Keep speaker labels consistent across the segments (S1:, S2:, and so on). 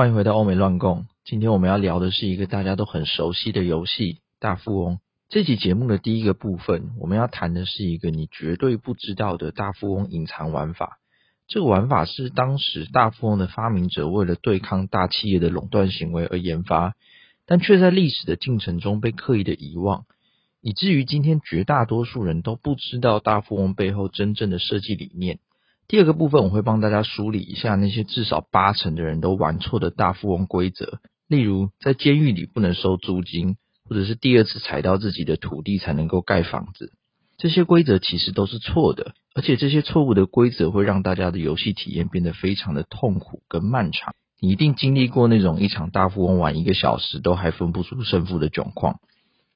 S1: 歡迎回到歐美亂共。今天我們要聊的是一個大家都很熟悉的遊戲《大富翁》。這期節目的第一個部分，我們要談的是一個你絕對不知道的大富翁隱藏玩法。這個玩法是當時大富翁的發明者為了對抗大企業的壟斷行為而研發，但卻在歷史的進程中被刻意的遺忘，以至於今天絕大多數人都不知道大富翁背後真正的設計理念。第二個部分，我會幫大家梳理一下那些至少八成的人都玩錯的大富翁規則。例如，在監獄裡不能收租金，或者是第二次踩到自己的土地才能夠蓋房子。這些規則其實都是錯的，而且這些錯誤的規則會讓大家的遊戲體驗變得非常的痛苦跟漫長。你一定經歷過那種一場大富翁玩一個小時都還分不出勝負的窘況。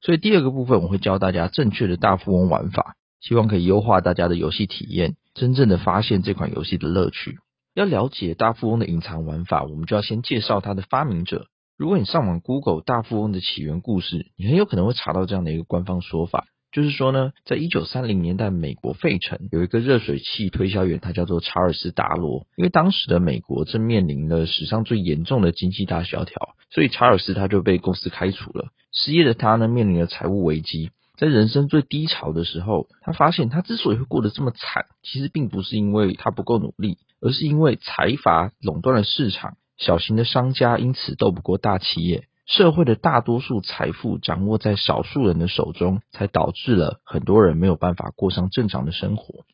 S1: 所以第二個部分，我會教大家正確的大富翁玩法。希望可以優化大家的遊戲體驗，真正的發現這款遊戲的樂趣。要了解大富翁的隱藏玩法，我們就要先介紹它的發明者。如果你上網 Google 大富翁的起源故事，你很有可能會查到這樣的一個官方說法，就是說呢，在一九三零年代美國費城，有一個熱水器推銷員，他叫做查爾斯·達羅。因為當時的美國正面臨了史上最嚴重的經濟大蕭條，所以查爾斯他就被公司開除了，失業的他呢，面臨了財務危機。在人生最低潮的時候，他發現他之所以會過得這麼慘，其實並不是因為他不夠努力，而是因為財閥壟斷了市場，小型的商家因此鬥不過大企業，社會的大多數財富掌握在少數人的手中，才導致了很多人沒有辦法過上正常的生活。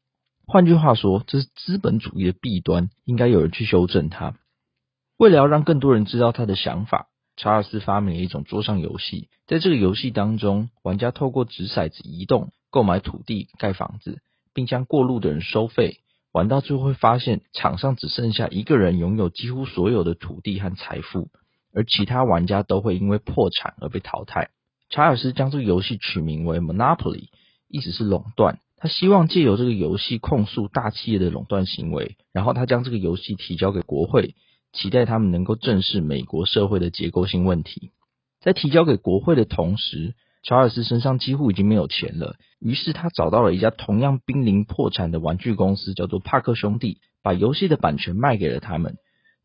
S1: 換句話說，這是資本主義的弊端，應該有人去修正它。為了要讓更多人知道他的想法。查爾斯發明了一種桌上遊戲，在這個遊戲當中，玩家透過擲骰子移動、購買土地、蓋房子，並將過路的人收費。玩到最後會發現，場上只剩下一個人擁有幾乎所有的土地和財富，而其他玩家都會因為破產而被淘汰。查爾斯將這個遊戲取名為 Monopoly，意思是壟斷。他希望借由這個遊戲控訴大企業的壟斷行為，然後他將這個遊戲提交給國會，期待他們能夠正視美國社會的結構性問題。在提交給國會的同時，查爾斯身上幾乎已經沒有錢了。於是他找到了一家同樣瀕臨破產的玩具公司，叫做帕克兄弟，把遊戲的版權賣給了他們。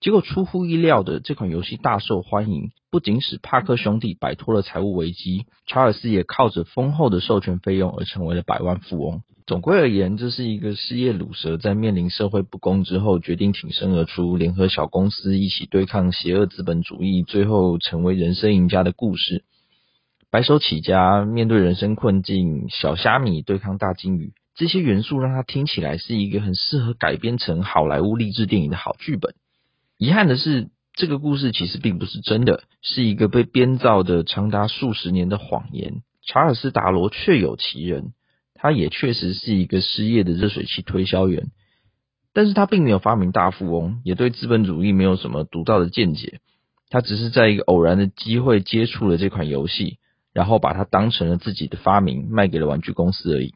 S1: 結果出乎意料的，這款遊戲大受歡迎，不僅使帕克兄弟擺脫了財務危機，查爾斯也靠着豐厚的授權費用而成為了百萬富翁。總歸而言，這是一個失業魯蛇在面臨社會不公之後，決定挺身而出，聯合小公司一起對抗邪惡資本主義，最後成為人生贏家的故事。白手起家，面對人生困境，小蝦米對抗大鯨魚，這些元素讓他聽起來是一個很適合改編成好萊塢勵志電影的好劇本。遺憾的是，這個故事其實並不是真的，是一個被編造的長達數十年的謊言。查爾斯·達羅確有其人。他也確實是一個失業的熱水器推銷員，但是他並沒有發明大富翁，也對資本主義沒有什麼獨到的見解。他只是在一個偶然的機會接觸了這款遊戲，然後把它當成了自己的發明，賣給了玩具公司而已。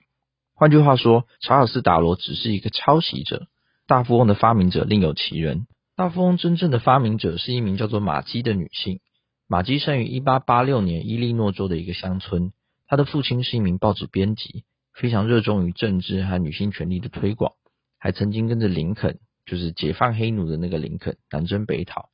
S1: 換句話說，查爾斯·達羅只是一個抄襲者，大富翁的發明者另有其人。大富翁真正的發明者是一名叫做瑪姬的女性。瑪姬生於1886年伊利諾州的一個鄉村，她的父親是一名報紙編輯。非常熱衷於政治和女性權利的推廣，還曾經跟着林肯，就是解放黑奴的那個林肯，南征北討。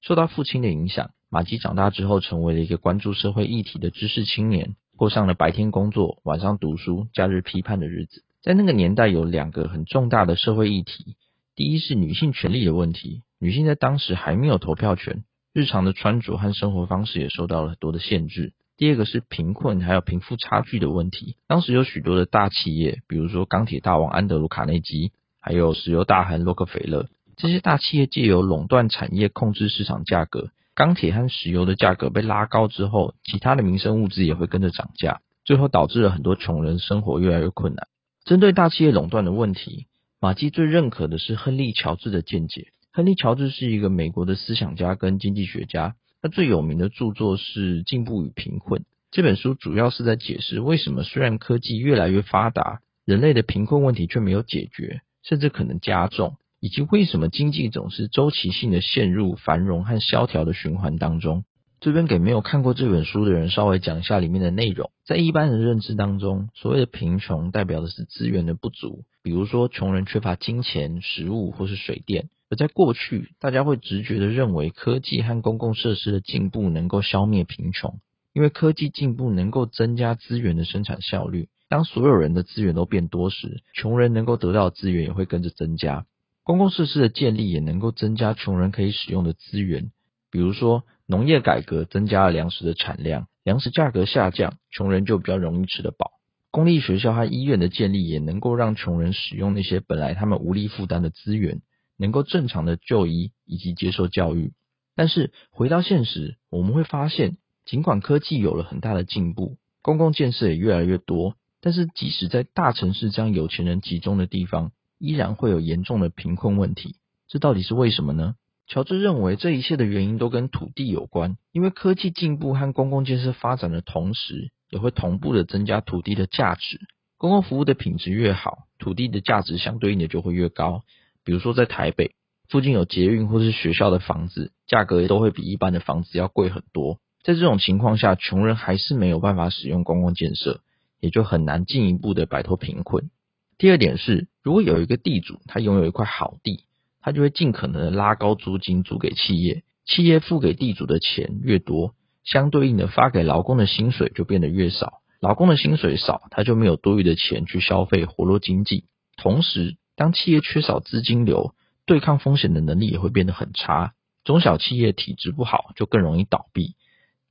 S1: 受到父親的影響，瑪姬長大之後成為了一個關注社會議題的知識青年，過上了白天工作、晚上讀書、假日批判的日子。在那個年代，有兩個很重大的社會議題：第一是女性權利的問題，女性在當時還沒有投票權，日常的穿着和生活方式也受到了很多的限制。第二個是貧困還有貧富差距的問題。當時有許多的大企業，比如說鋼鐵大王安德魯·卡內基，還有石油大亨洛克菲勒，這些大企業借由壟斷產業控制市場價格，鋼鐵和石油的價格被拉高之後，其他的民生物資也會跟着漲價，最後導致了很多窮人生活越來越困難。針對大企業壟斷的問題，馬基最認可的是亨利·喬治的見解。亨利·喬治是一個美國的思想家跟經濟學家。他最有名的著作是《進步與貧困》這本書，主要是在解釋為什麼雖然科技越來越發達，人類的貧困問題卻沒有解決，甚至可能加重，以及為什麼經濟總是周期性的陷入繁榮和蕭條的循環當中。這邊給沒有看過這本書的人稍微講一下裡面的內容。在一般的認知當中，所謂的貧窮代表的是資源的不足，比如說窮人缺乏金錢、食物或是水電。而在過去，大家會直覺地認為科技和公共設施的進步能夠消滅貧窮，因為科技進步能夠增加資源的生產效率。當所有人的資源都變多時，窮人能夠得到的資源也會跟着增加。公共設施的建立也能夠增加窮人可以使用的資源，比如說農業改革增加了糧食的產量，糧食價格下降，窮人就比較容易吃得飽。公立學校和醫院的建立也能夠讓窮人使用那些本來他們無力負擔的資源。能夠正常的就醫以及接受教育，但是回到現實，我們會發現，盡管科技有了很大的進步，公共建設也越來越多，但是即使在大城市這樣有錢人集中的地方，依然會有嚴重的貧困問題。這到底是為什麼呢？喬治認為，這一切的原因都跟土地有關。因為科技進步和公共建設發展的同時，也會同步的增加土地的價值。公共服務的品質越好，土地的價值相對應的就會越高。比如說，在台北附近有捷運或是學校的房子，價格也都會比一般的房子要貴很多。在這種情況下，窮人還是沒有辦法使用公共建設，也就很難進一步的擺脫貧困。第二點是，如果有一個地主，他擁有一塊好地，他就會盡可能的拉高租金租給企業，企業付給地主的錢越多，相對應的發給勞工的薪水就變得越少。勞工的薪水少，他就沒有多餘的錢去消費，活絡經濟，同時，當企業缺少資金流，對抗風險的能力也會變得很差。中小企業體質不好，就更容易倒閉。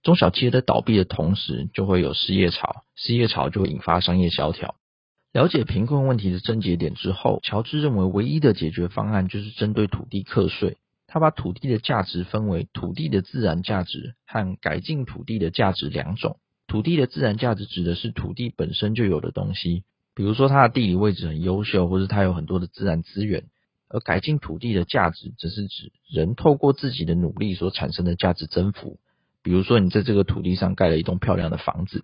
S1: 中小企業在倒閉的同時，就會有失業潮，失業潮就會引發商業蕭條。了解貧困問題的症結點之後，喬治認為唯一的解決方案就是針對土地課稅。他把土地的價值分為土地的自然價值和改進土地的價值兩種。土地的自然價值指的是土地本身就有的東西。比如說，它的地理位置很優秀，或是它有很多的自然資源。而改進土地的價值，則是指人透過自己的努力所產生的價值增幅。比如說，你在這個土地上蓋了一棟漂亮的房子。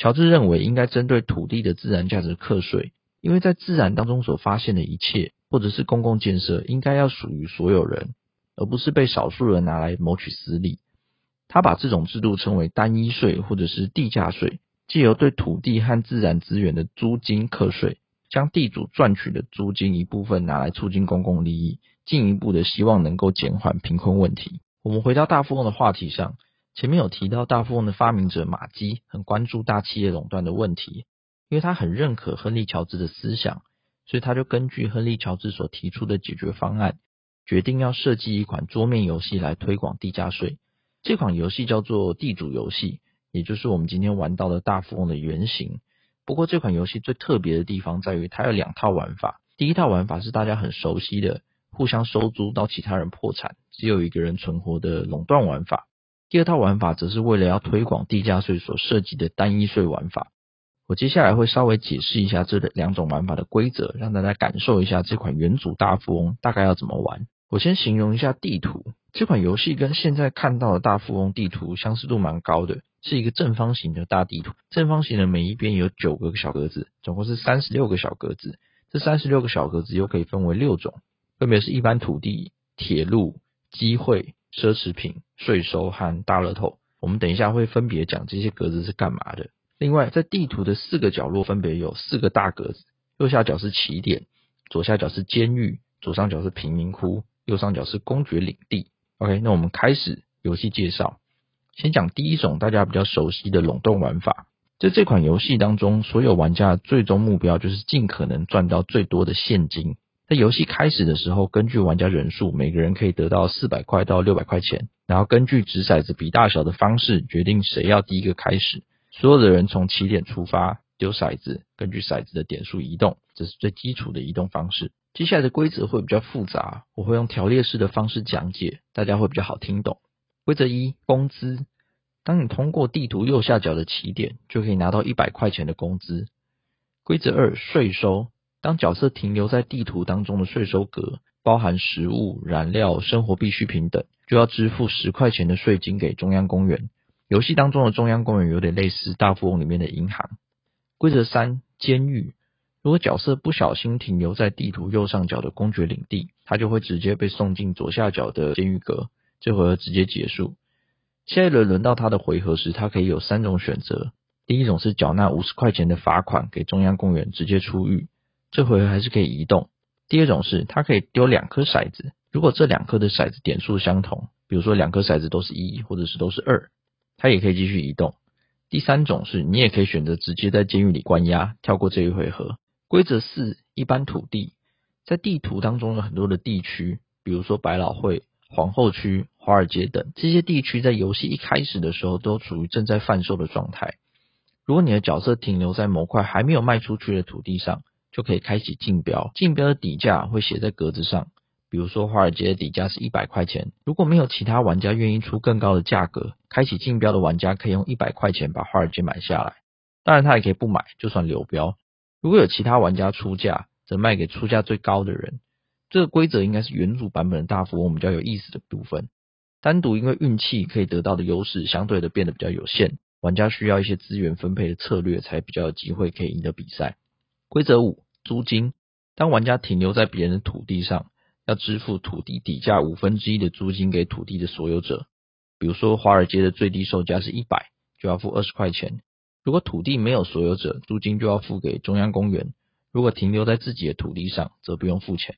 S1: 喬治認為，應該針對土地的自然價值課稅，因為在自然當中所發現的一切，或者是公共建設，應該要屬於所有人，而不是被少數人拿來謀取私利。他把這種制度稱為單一稅，或者是地價稅。借由對土地和自然資源的租金課稅，將地主賺取的租金一部分拿來促進公共利益，進一步的希望能夠減緩貧困問題。我們回到大富翁的話題上，前面有提到大富翁的發明者瑪姬很關注大企業壟斷的問題，因為他很認可亨利·喬治的思想，所以他就根據亨利·喬治所提出的解決方案，決定要設計一款桌面遊戲來推廣地價稅。這款遊戲叫做《地主遊戲》。也就是我們今天玩到的大富翁的原型。不過這款遊戲最特別的地方在於，它有兩套玩法。第一套玩法是大家很熟悉的，互相收租到其他人破產，只有一個人存活的壟斷玩法。第二套玩法則是為了要推廣地價稅所涉及的單一稅玩法。我接下來會稍微解釋一下這兩種玩法的規則，讓大家感受一下這款元祖大富翁大概要怎麼玩。我先形容一下地圖。這款遊戲跟現在看到的大富翁地圖相似度蠻高的，是一個正方形的大地圖。正方形的每一邊有九個小格子，總共是三十六個小格子。這三十六個小格子又可以分為六種，分別是一般土地、鐵路、機會、奢侈品、稅收和大樂透。我們等一下會分別講這些格子是幹嘛的。另外，在地圖的四個角落分別有四個大格子，右下角是起點，左下角是監獄，左上角是貧民窟，右上角是公爵領地。OK，那我們開始遊戲介紹。先講第一種大家比較熟悉的壟斷玩法。在這款遊戲當中，所有玩家最終目標就是盡可能賺到最多的現金。在遊戲開始的時候，根據玩家人數，每個人可以得到四百塊到六百塊錢。然後根據擲骰子比大小的方式，決定誰要第一個開始。所有的人從起點出發，丟骰子，根據骰子的點數移動，這是最基礎的移動方式。接下來的規則會比較複雜，我會用條列式的方式講解，大家會比較好聽懂。規則一：工資，當你通過地圖右下角的起點，就可以拿到一百塊錢的工資。規則二：稅收，當角色停留在地圖當中的稅收格，包含食物、燃料、生活必需品等，就要支付十塊錢的稅金給中央公園。遊戲當中的中央公園有點類似大富翁裡面的銀行。規則三：監獄。如果角色不小心停留在地圖右上角的公爵領地，他就會直接被送進左下角的監獄格，這回合直接結束。下一輪輪到他的回合時，他可以有三種選擇：第一種是繳納五十塊錢的罰款給中央公園，直接出獄，這回合還是可以移動；第二種是他可以丟兩顆骰子，如果這兩顆的骰子點數相同，比如說兩顆骰子都是一，或者是都是二，他也可以繼續移動；第三種是你也可以選擇直接在監獄裡關押，跳過這一回合。規則四：一般土地在地圖當中有很多的地區，比如說百老匯、皇後區、華爾街等這些地區，在遊戲一開始的時候都處於正在販售的狀態。如果你的角色停留在某塊還沒有賣出去的土地上，就可以開啟競標。競標的底價會寫在格子上，比如說華爾街的底價是一百塊錢。如果沒有其他玩家願意出更高的價格，開啟競標的玩家可以用一百塊錢把華爾街買下來。當然，他也可以不買，就算流標。如果有其他玩家出價，則賣給出價最高的人。這個規則應該是原主版本的大富翁比較有意思的部分。單獨因為運氣可以得到的優勢，相對的變得比較有限。玩家需要一些資源分配的策略，才比較有機會可以贏得比賽。規則五：租金。當玩家停留在別人的土地上，要支付土地底價五分之一的租金給土地的所有者。比如說華爾街的最低售價是一百，就要付二十塊錢。如果土地沒有所有者，租金就要付給中央公園；如果停留在自己的土地上，則不用付錢。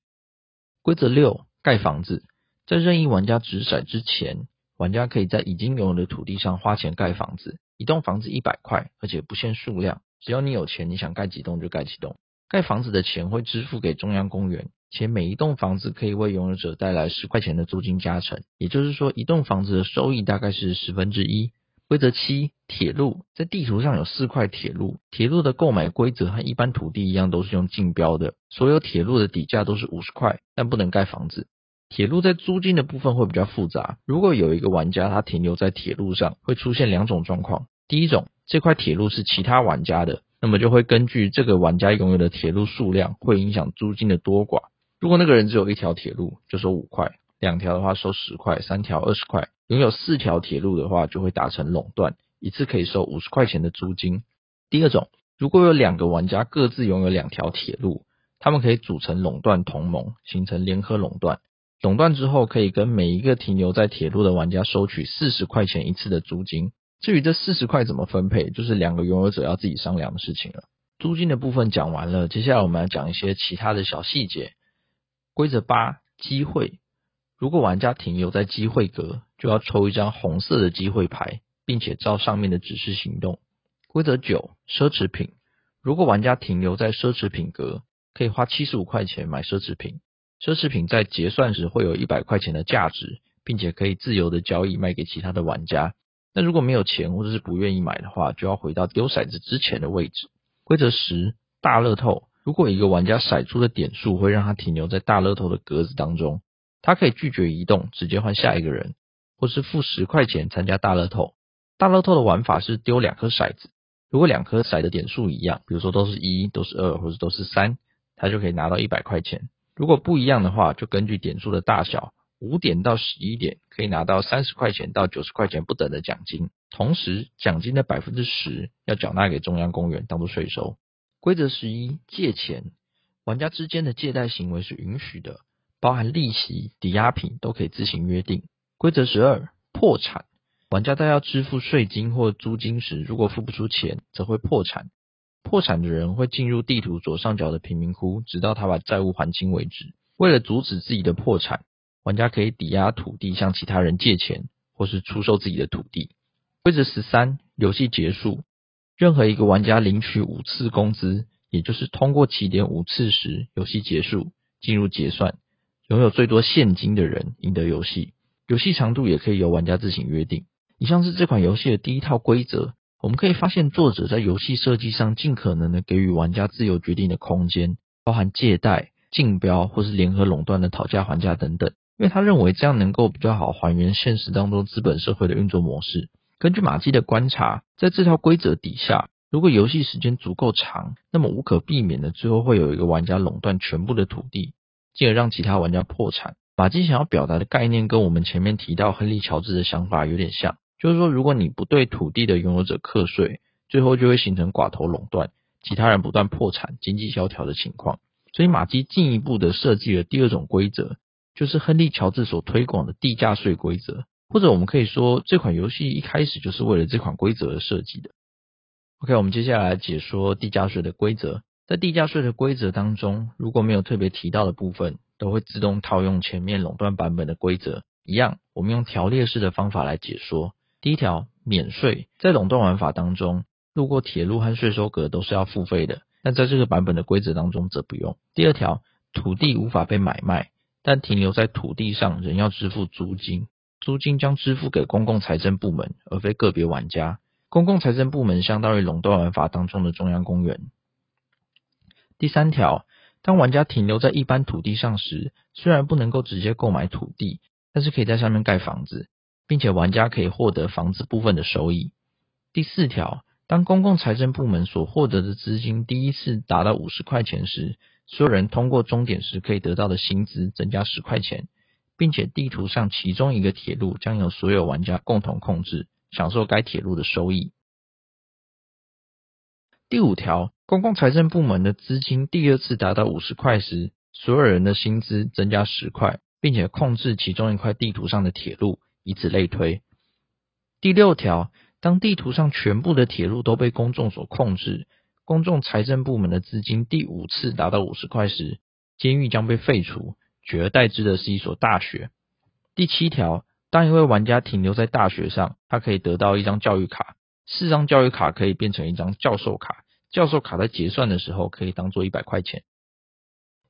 S1: 規則六：蓋房子。在任意玩家擲骰之前，玩家可以在已經擁有的土地上花錢蓋房子。一棟房子一百塊，而且不限數量，只要你有錢，你想蓋幾棟就蓋幾棟。蓋房子的錢會支付給中央公園，且每一棟房子可以為擁有者帶來十塊錢的租金加成，也就是說，一棟房子的收益大概是十分之一。規則七：鐵路。在地圖上有四塊鐵路，鐵路的購買規則和一般土地一樣，都是用競標的。所有鐵路的底價都是五十塊，但不能蓋房子。鐵路在租金的部分會比較複雜。如果有一個玩家他停留在鐵路上，會出現兩種狀況：第一種，這塊鐵路是其他玩家的，那麼就會根據這個玩家擁有的鐵路數量，會影響租金的多寡。如果那個人只有一條鐵路，就收五塊；兩條的話收十塊，三條二十塊。擁有四條鐵路的話，就會達成壟斷，一次可以收五十塊錢的租金。第二種，如果有兩個玩家各自擁有兩條鐵路，他們可以組成壟斷同盟，形成聯合壟斷。壟斷之後，可以跟每一個停留在鐵路的玩家收取四十塊錢一次的租金。至於這四十塊怎麼分配，就是兩個擁有者要自己商量的事情了。租金的部分講完了，接下來我們要講一些其他的小細節。規則八：機會。如果玩家停留在機會格。就要抽一張紅色的機會牌，並且照上面的指示行動。規則九：奢侈品。如果玩家停留在奢侈品格，可以花七十五塊錢買奢侈品。奢侈品在結算時會有一百塊錢的價值，並且可以自由的交易賣給其他的玩家。那如果沒有錢或者是不願意買的話，就要回到丟骰子之前的位置。規則十，大樂透。如果一個玩家骰出的點數會讓他停留在大樂透的格子當中，他可以拒絕移動，直接換下一個人，或是付十塊錢參加大樂透。大樂透的玩法是丟兩顆骰子，如果兩顆骰的點數一樣，比如說都是一，都是二，或者都是三，他就可以拿到一百塊錢。如果不一樣的話，就根據點數的大小，五點到十一點可以拿到三十塊錢到九十塊錢不等的獎金。同時，獎金的百分之十要繳納給中央公園當做稅收。規則十一：借錢。玩家之間的借貸行為是允許的，包含利息、抵押品都可以自行約定。規則十二：破產。玩家在要支付稅金或租金時，如果付不出錢，則會破產。破產的人會進入地圖左上角的貧民窟，直到他把債務還清為止。為了阻止自己的破產，玩家可以抵押土地向其他人借錢，或是出售自己的土地。規則十三：遊戲結束。任何一個玩家領取五次工資，也就是通過起點五次時，遊戲結束，進入結算。擁有最多現金的人贏得遊戲。遊戲長度也可以由玩家自行約定。以上是這款遊戲的第一套規則。我們可以發現，作者在遊戲設計上盡可能的給予玩家自由決定的空間，包含借貸、競標或是聯合壟斷的討價還價等等。因為他認為這樣能夠比較好還原現實當中資本社會的運作模式。根據馬基的觀察，在這套規則底下，如果遊戲時間足夠長，那麼無可避免的最後會有一個玩家壟斷全部的土地，進而讓其他玩家破產。馬基想要表達的概念跟我們前面提到亨利·喬治的想法有點像，就是說，如果你不對土地的擁有者課稅，最後就會形成寡頭壟斷，其他人不斷破產、經濟蕭條的情況。所以，馬基進一步的設計了第二種規則，就是亨利·喬治所推廣的地價稅規則，或者我們可以說，這款遊戲一開始就是為了這款規則而設計的。OK，我們接下來來解說地價稅的規則。在地價稅的規則當中，如果沒有特別提到的部分。都會自動套用前面壟斷版本的規則。一樣，我們用條列式的方法來解說。第一條，免稅，在壟斷玩法當中，路過鐵路和稅收格都是要付費的，但在這個版本的規則當中則不用。第二條，土地無法被買賣，但停留在土地上仍要支付租金，租金將支付給公共財政部門，而非個別玩家。公共財政部門相當於壟斷玩法當中的中央公園。第三條。當玩家停留在一般土地上時，雖然不能夠直接購買土地，但是可以在上面蓋房子，並且玩家可以獲得房子部分的收益。第四條，當公共財政部門所獲得的資金第一次達到五十塊錢時，所有人通過終點時可以得到的薪資增加十塊錢，並且地圖上其中一個鐵路將由所有玩家共同控制，享受該鐵路的收益。第五條，公共財政部門的資金第二次達到五十塊時，所有人的薪資增加十塊，並且控制其中一塊地圖上的鐵路，以此類推。第六條，當地圖上全部的鐵路都被公眾所控制，公眾財政部門的資金第五次達到五十塊時，監獄將被廢除，取而代之的是一所大學。第七條，當一位玩家停留在大學上，他可以得到一張教育卡，四張教育卡可以變成一張教授卡。教授卡在結算的時候可以當做一百塊錢。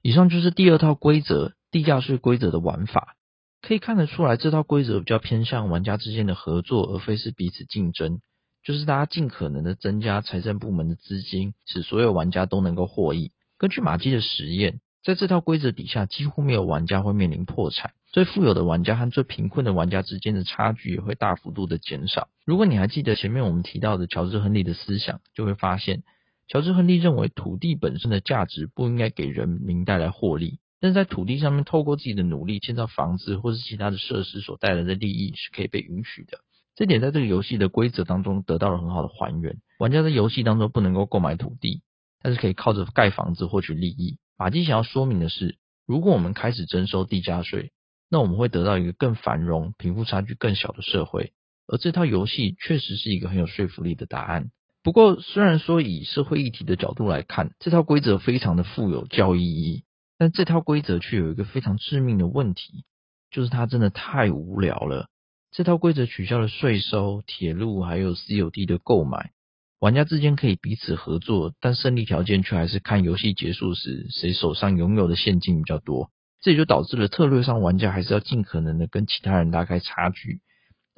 S1: 以上就是第二套規則，地價稅規則的玩法，可以看得出來，這套規則比較偏向玩家之間的合作，而非是彼此競爭。就是大家盡可能的增加財政部門的資金，使所有玩家都能夠獲益。根據馬基的實驗，在這套規則底下，幾乎沒有玩家會面臨破產。最富有的玩家和最貧困的玩家之間的差距也會大幅度的減少。如果你還記得前面我們提到的喬治·亨利的思想，就會發現。喬治·亨利認為，土地本身的價值不應該給人民帶來獲利，但是在土地上面透過自己的努力建造房子或是其他的設施所帶來的利益是可以被允許的。這點在這個遊戲的規則當中得到了很好的還原。玩家在遊戲當中不能夠購買土地，但是可以靠着蓋房子獲取利益。馬基想要說明的是，如果我們開始徵收地價稅，那我們會得到一個更繁榮、貧富差距更小的社會。而這套遊戲確實是一個很有說服力的答案。不過，雖然說以社會議題的角度來看，這套規則非常的富有教育意義，但這套規則卻有一個非常致命的問題，就是它真的太無聊了。這套規則取消了稅收、鐵路還有私有地的購買，玩家之間可以彼此合作，但勝利條件卻還是看遊戲結束時誰手上擁有的現金比較多，這也就導致了策略上玩家還是要盡可能的跟其他人拉開差距。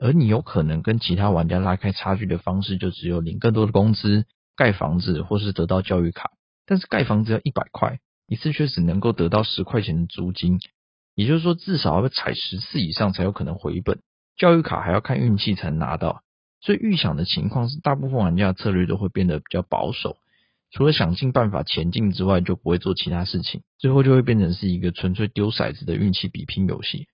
S1: 而你有可能跟其他玩家拉開差距的方式，就只有領更多的工資、蓋房子或是得到教育卡。但是蓋房子要一百塊，一次卻只能夠得到十塊錢的租金，也就是說至少要踩十次以上才有可能回本。教育卡還要看運氣才能拿到，所以預想的情況是，大部分玩家的策略都會變得比較保守，除了想盡辦法前進之外，就不會做其他事情，最後就會變成是一個純粹丟骰子的運氣比拼遊戲。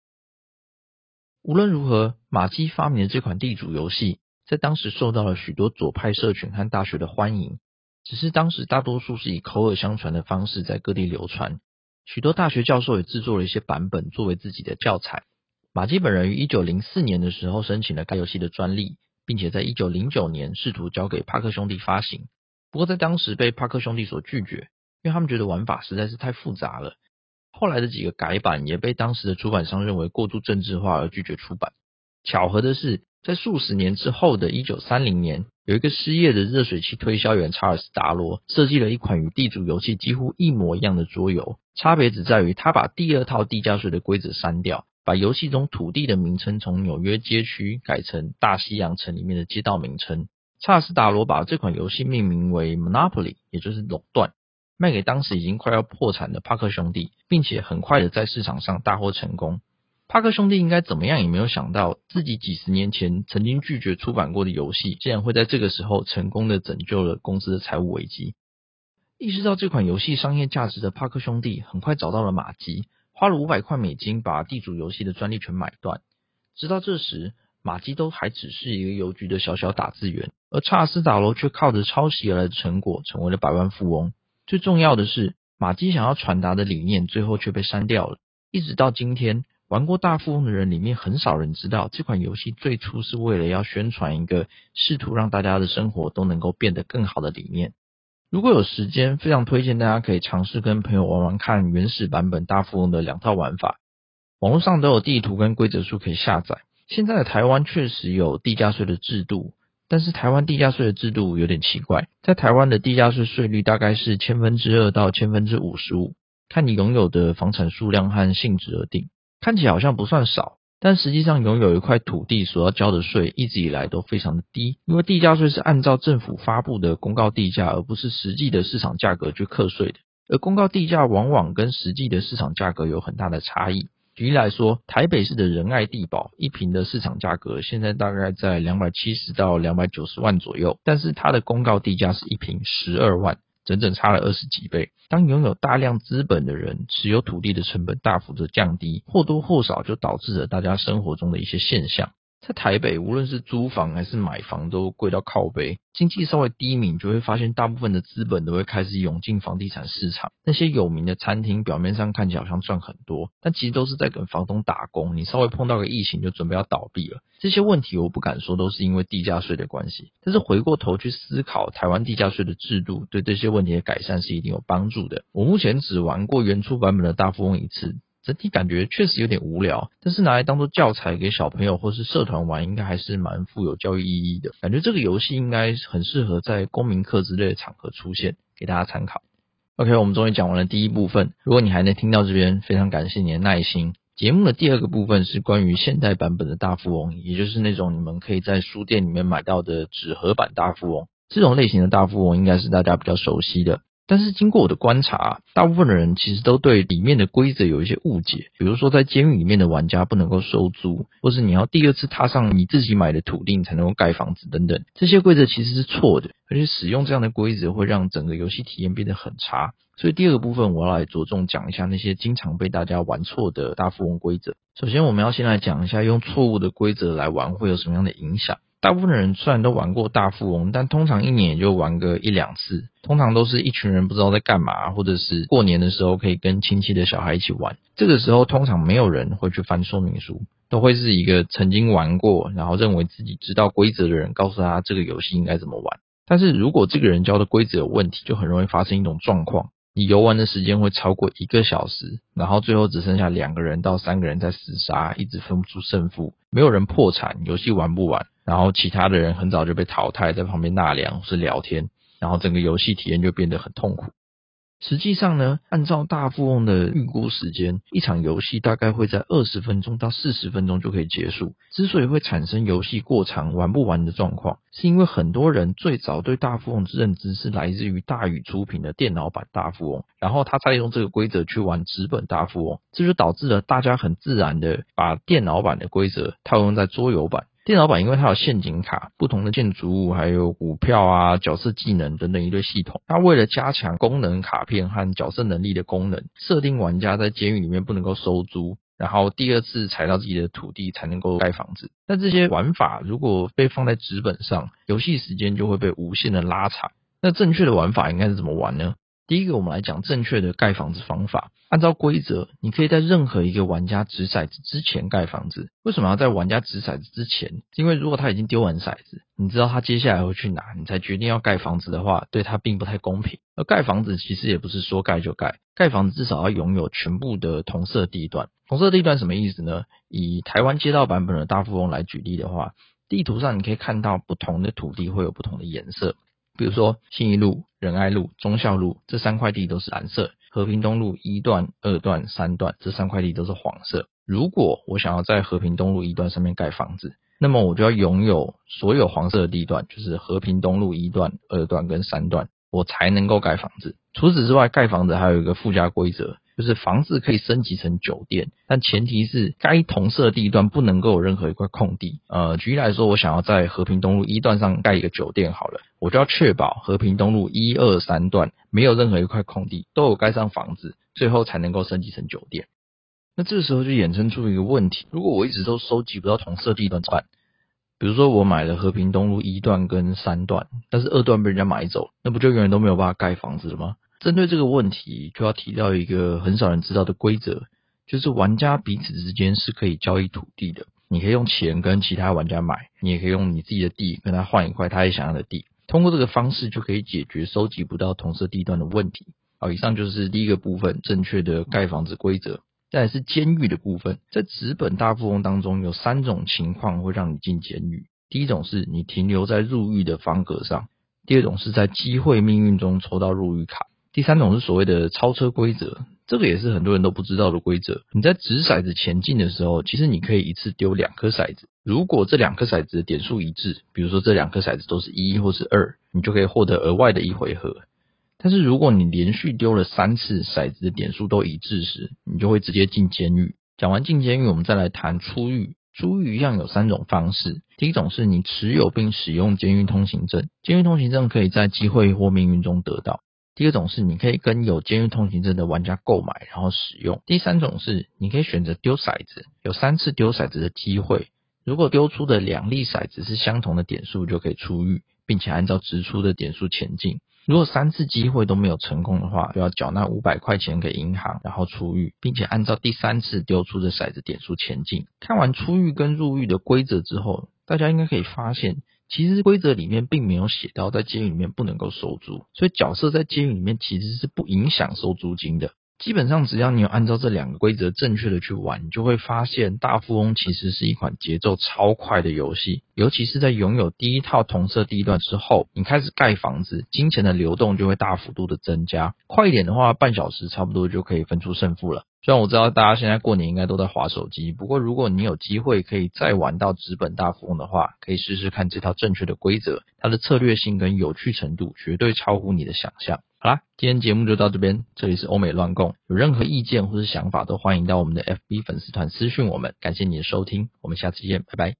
S1: 無論如何，馬基發明的這款地主遊戲在當時受到了許多左派社群和大學的歡迎。只是當時大多數是以口耳相傳的方式在各地流傳，許多大學教授也製作了一些版本作為自己的教材。馬基本人於一九零四年的時候申請了該遊戲的專利，並且在一九零九年試圖交給帕克兄弟發行，不過在當時被帕克兄弟所拒絕，因為他們覺得玩法實在是太複雜了。後來的幾個改版也被當時的出版商認為過度政治化而拒絕出版。巧合的是，在數十年之後的1930年，有一個失業的熱水器推銷員查爾斯·達羅設計了一款與地主遊戲幾乎一模一樣的桌遊，差別只在於他把第二套地價稅的規則刪掉，把遊戲中土地的名稱從紐約街區改成大西洋城裡面的街道名稱。查爾斯·達羅把這款遊戲命名為 Monopoly，也就是壟斷。賣給當時已經快要破產的帕克兄弟，並且很快的在市場上大獲成功。帕克兄弟應該怎麼樣也沒有想到，自己幾十年前曾經拒絕出版過的遊戲，竟然會在這個時候成功的拯救了公司的財務危機。意識到這款遊戲商業價值的帕克兄弟，很快找到了馬基，花了五百塊美金把地主遊戲的專利權買斷。直到這時，馬基都還只是一個郵局的小小打字員，而查爾斯·達羅卻靠着抄襲而來的成果，成為了百萬富翁。最重要的是，馬基想要傳達的理念，最後卻被刪掉了。一直到今天，玩過大富翁的人裡面，很少人知道這款遊戲最初是為了要宣傳一個試圖讓大家的生活都能夠變得更好的理念。如果有時間，非常推薦大家可以嘗試跟朋友玩玩看原始版本大富翁的兩套玩法。網絡上都有地圖跟規則書可以下載。現在的台灣確實有地價稅的制度。但是台灣地價稅的制度有點奇怪，在台灣的地價稅稅率大概是千分之二到千分之五十五，看你擁有的房產數量和性質而定。看起來好像不算少，但實際上擁有一塊土地所要交的稅一直以來都非常的低，因為地價稅是按照政府發布的公告地價，而不是實際的市場價格去課稅的。而公告地價往往跟實際的市場價格有很大的差異。舉例來說，台北市的仁愛帝寶一坪的市場價格現在大概在兩百七十到兩百九十萬左右，但是它的公告地價是一坪十二萬，整整差了二十幾倍。當擁有大量資本的人持有土地的成本大幅的降低，或多或少就導致了大家生活中的一些現象。在台北，無論是租房還是買房，都貴到靠杯。經濟稍微低迷，就會發現大部分的資本都會開始湧進房地產市場。那些有名的餐廳，表面上看起來好像賺很多，但其實都是在跟房東打工。你稍微碰到個疫情，就準備要倒閉了。這些問題，我不敢說都是因為地價稅的關係，但是回過頭去思考台灣地價稅的制度，對這些問題的改善是一定有幫助的。我目前只玩過原初版本的大富翁一次。整體感覺確實有點無聊，但是拿來當做教材給小朋友或是社團玩，應該還是蠻富有教育意義的。感覺這個遊戲應該很適合在公民課之類的場合出現，給大家參考。OK，我們終於講完了第一部分。如果你還能聽到這邊，非常感謝你的耐心。節目的第二個部分是關於現代版本的大富翁，也就是那種你們可以在書店裡面買到的紙盒版大富翁。這種類型的大富翁應該是大家比較熟悉的。但是經過我的觀察，大部分的人其實都對裡面的規則有一些誤解，比如說在監獄裡面的玩家不能夠收租，或是你要第二次踏上你自己買的土地才能夠蓋房子等等，這些規則其實是錯的，而且使用這樣的規則會讓整個遊戲體驗變得很差。所以第二個部分我要來着重講一下那些經常被大家玩錯的大富翁規則。首先，我們要先來講一下用錯誤的規則來玩會有什麼樣的影響。大部分人雖然都玩過大富翁，但通常一年也就玩個一兩次。通常都是一群人不知道在幹嘛，或者是過年的時候可以跟親戚的小孩一起玩。這個時候通常沒有人會去翻說明書，都會是一個曾經玩過，然後認為自己知道規則的人告訴他這個遊戲應該怎麼玩。但是如果這個人教的規則有問題，就很容易發生一種狀況，你遊玩的時間會超過一個小時，然後最後只剩下兩個人到三個人在廝殺，一直分不出勝負，沒有人破產，遊戲玩不完。然後其他的人很早就被淘汰，在旁邊納涼是聊天，然後整個遊戲體驗就變得很痛苦。實際上呢，按照大富翁的預估時間，一場遊戲大概會在二十分鐘到四十分鐘就可以結束。之所以會產生遊戲過長玩不完的狀況，是因為很多人最早對大富翁的認知是來自於大宇出品的電腦版大富翁，然後他再用這個規則去玩紙本大富翁，這就導致了大家很自然的把電腦版的規則套用在桌遊版。電腦版因為它有陷阱卡、不同的建築物、還有股票啊、角色技能等等一堆系統。它為了加強功能卡片和角色能力的功能，設定玩家在監獄裡面不能夠收租，然後第二次踩到自己的土地才能夠蓋房子。那這些玩法如果被放在紙本上，遊戲時間就會被無限的拉長。那正確的玩法應該是怎麼玩呢？第一個，我們來講正確的蓋房子方法。按照規則，你可以在任何一個玩家擲骰子之前蓋房子。為什麼要在玩家擲骰子之前？因為如果他已經丟完骰子，你知道他接下來會去哪，你才決定要蓋房子的話，對他並不太公平。而蓋房子其實也不是說蓋就蓋，蓋房子至少要擁有全部的同色地段。同色地段什麼意思呢？以台灣街道版本的大富翁來舉例的話，地圖上你可以看到不同的土地會有不同的顏色。比如說，信義路、仁愛路、忠孝路這三塊地都是藍色；和平東路一段、二段、三段這三塊地都是黃色。如果我想要在和平東路一段上面蓋房子，那麼我就要擁有所有黃色的地段，就是和平東路一段、二段跟三段，我才能夠蓋房子。除此之外，蓋房子還有一個附加規則。就是房子可以升級成酒店，但前提是該同色的地段不能夠有任何一塊空地。呃，舉例來說，我想要在和平東路一段上蓋一個酒店好了，我就要確保和平東路一二三段沒有任何一塊空地，都有蓋上房子，最後才能夠升級成酒店。那這時候就衍生出一個問題：如果我一直都收集不到同色地段怎麼辦？比如說我買了和平東路一段跟三段，但是二段被人家買走了，那不就永遠都沒有辦法蓋房子了嗎？針對這個問題，就要提到一個很少人知道的規則，就是玩家彼此之間是可以交易土地的。你可以用錢跟其他玩家買，你也可以用你自己的地跟他換一塊他也想要的地。通過這個方式就可以解決收集不到同色地段的問題。好，以上就是第一個部分，正確的蓋房子規則。再來是監獄的部分，在紙本大富翁當中有三種情況會讓你進監獄：第一種是你停留在入獄的方格上；第二種是在機會命運中抽到入獄卡。第三種是所謂的超車規則，這個也是很多人都不知道的規則。你在擲骰子前進的時候，其實你可以一次丟兩顆骰子。如果這兩顆骰子的點數一致，比如說這兩顆骰子都是一或是二，你就可以獲得額外的一回合。但是如果你連續丟了三次骰子的點數都一致時，你就會直接進監獄。講完進監獄，我們再來談出獄。出獄一樣有三種方式，第一種是你持有並使用監獄通行證。監獄通行證可以在機會或命運中得到。第二種是你可以跟有監獄通行證的玩家購買，然後使用。第三種是你可以選擇丟骰子，有三次丟骰子的機會。如果丟出的兩粒骰子是相同的點數，就可以出獄，並且按照擲出的點數前進。如果三次機會都沒有成功的話，就要繳納五百塊錢給銀行，然後出獄，並且按照第三次丟出的骰子點數前進。看完出獄跟入獄的規則之後，大家應該可以發現。其實規則裡面並沒有寫到，在監獄裡面不能夠收租，所以角色在監獄裡面其實是不影響收租金的。基本上只要你有按照這兩個規則正確的去玩，你就會發現大富翁其實是一款節奏超快的遊戲。尤其是在擁有第一套同色地段之後，你開始蓋房子，金錢的流動就會大幅度的增加。快一點的話，半小時差不多就可以分出勝負了。雖然我知道大家現在過年應該都在滑手機，不過如果你有機會可以再玩到紙本大富翁的話，可以試試看這套正確的規則，它的策略性跟有趣程度絕對超乎你的想象。好啦，今天節目就到這邊，這裡是歐美亂共，有任何意見或是想法都歡迎到我們的 FB 粉絲團私訊我們，感謝你的收聽，我們下次見，拜拜。